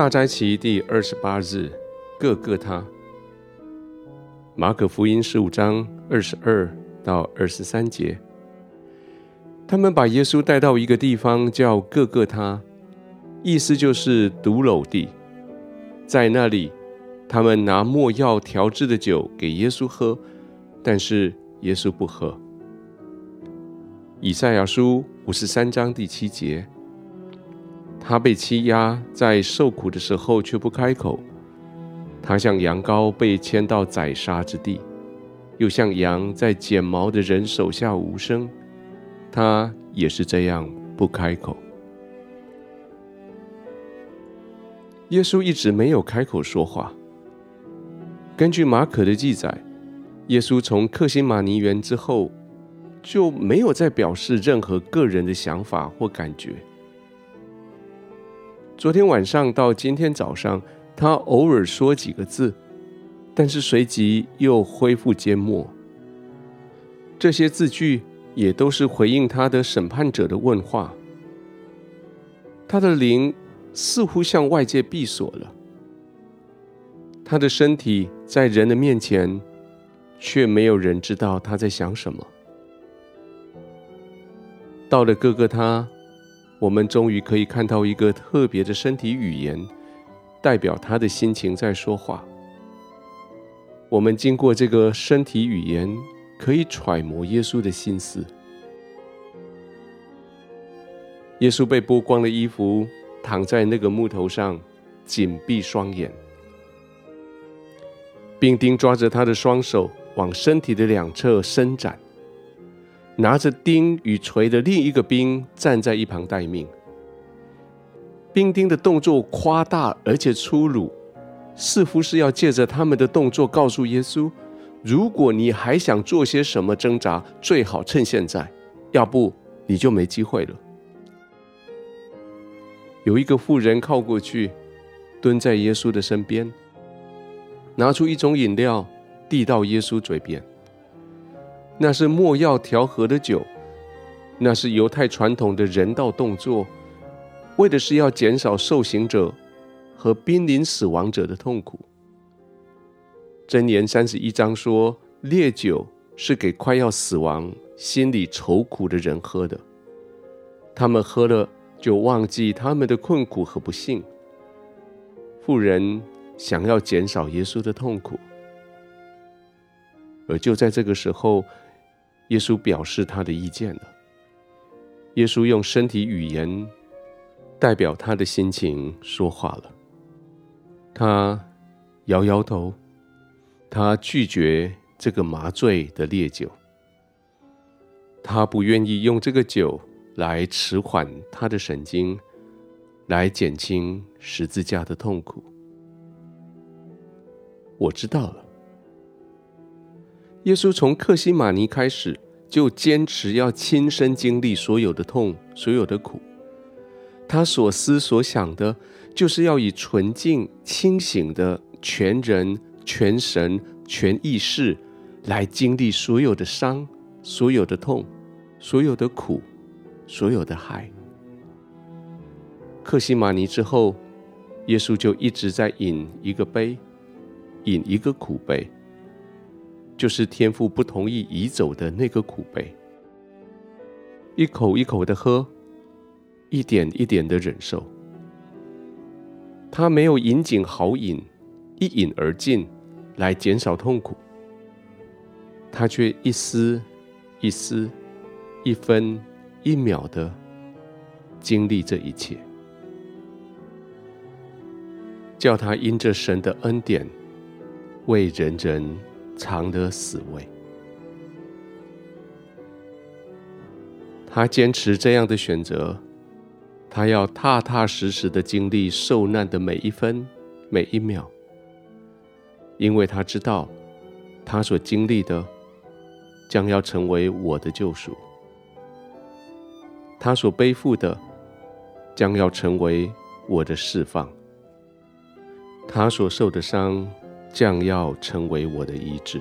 大齋期第二十八日，各各他。馬可福音十五章二十二到二十三節，他們把耶穌帶到一個地方叫各各他，意思就是髑髏地。在那裡，他們拿沒藥調製的酒給耶穌喝，但是耶穌不喝。以賽亞書五十三章第七節。他被欺壓，在受苦的時候卻不開口。他像羊羔被牽到宰殺之地，又像羊在剪毛的人手下無聲。他也是這樣不開口。耶穌一直沒有開口說話。根據馬可的記載，耶穌從客西馬尼園之後，就沒有再表示任何個人的想法或感覺。昨天晚上到今天早上，他偶爾說幾個字，但是隨即又恢復緘默。這些字句也都是回應他的審判者的問話。他的靈似乎向外界閉鎖了，他的身體在人的面前，却沒有人知道他在想什麼。到了各各他。我們終於可以看到一個特別的身體語言，代表他的心情在說話。我們經過這個身體語言，可以揣摩耶穌的心思。耶穌被剝光了衣服，躺在那個木頭上，緊閉雙眼。兵丁抓着他的雙手，往身體的兩側伸展。拿着釘與錘的另一個兵站在一旁待命。兵丁的動作誇大而且粗魯，似乎是要借着他們的動作告訴耶穌：如果你還想做些什麼掙扎，最好趁現在，要不你就沒機會了。有一個婦人靠過去，蹲在耶穌的身邊，拿出一種飲料遞到耶穌嘴邊。那是沒藥調和的酒，那是猶太傳統的人道動作，為的是要減少受刑者和瀕臨死亡者的痛苦。箴言三十一章說，烈酒是給快要死亡、心裡愁苦的人喝的，他們喝了就忘記他們的困苦和不幸。婦人想要減少耶穌的痛苦，而就在這個時候。耶穌表示他的意見了。耶穌用身體語言，代表他的心情說話了。他搖搖頭，他拒絕這個麻醉的烈酒。他不願意用這個酒來遲緩他的神經，來減輕十字架的痛苦。我知道了。耶穌從客西馬尼開始，就堅持要親身經歷所有的痛、所有的苦。祂所思所想的，就是要以純淨、清醒的全人、全神、全意識來經歷所有的傷、所有的痛、所有的苦、所有的害。客西馬尼之後，耶穌就一直在飲一個杯，飲一個苦杯。就是天父不同意移走的那個苦杯，一口一口的喝，一點一點的忍受。他沒有引頸豪飲，一飲而盡來減少痛苦，他卻一絲一絲、一分一秒的經歷這一切，叫他因着神的恩典為人人。嘗了死味。他堅持這樣的選擇，他要踏踏實實的經歷受難的每一分每一秒，因為他知道，他所經歷的將要成為我的救贖，他所背負的將要成為我的釋放，他所受的傷。將要成為我的醫治。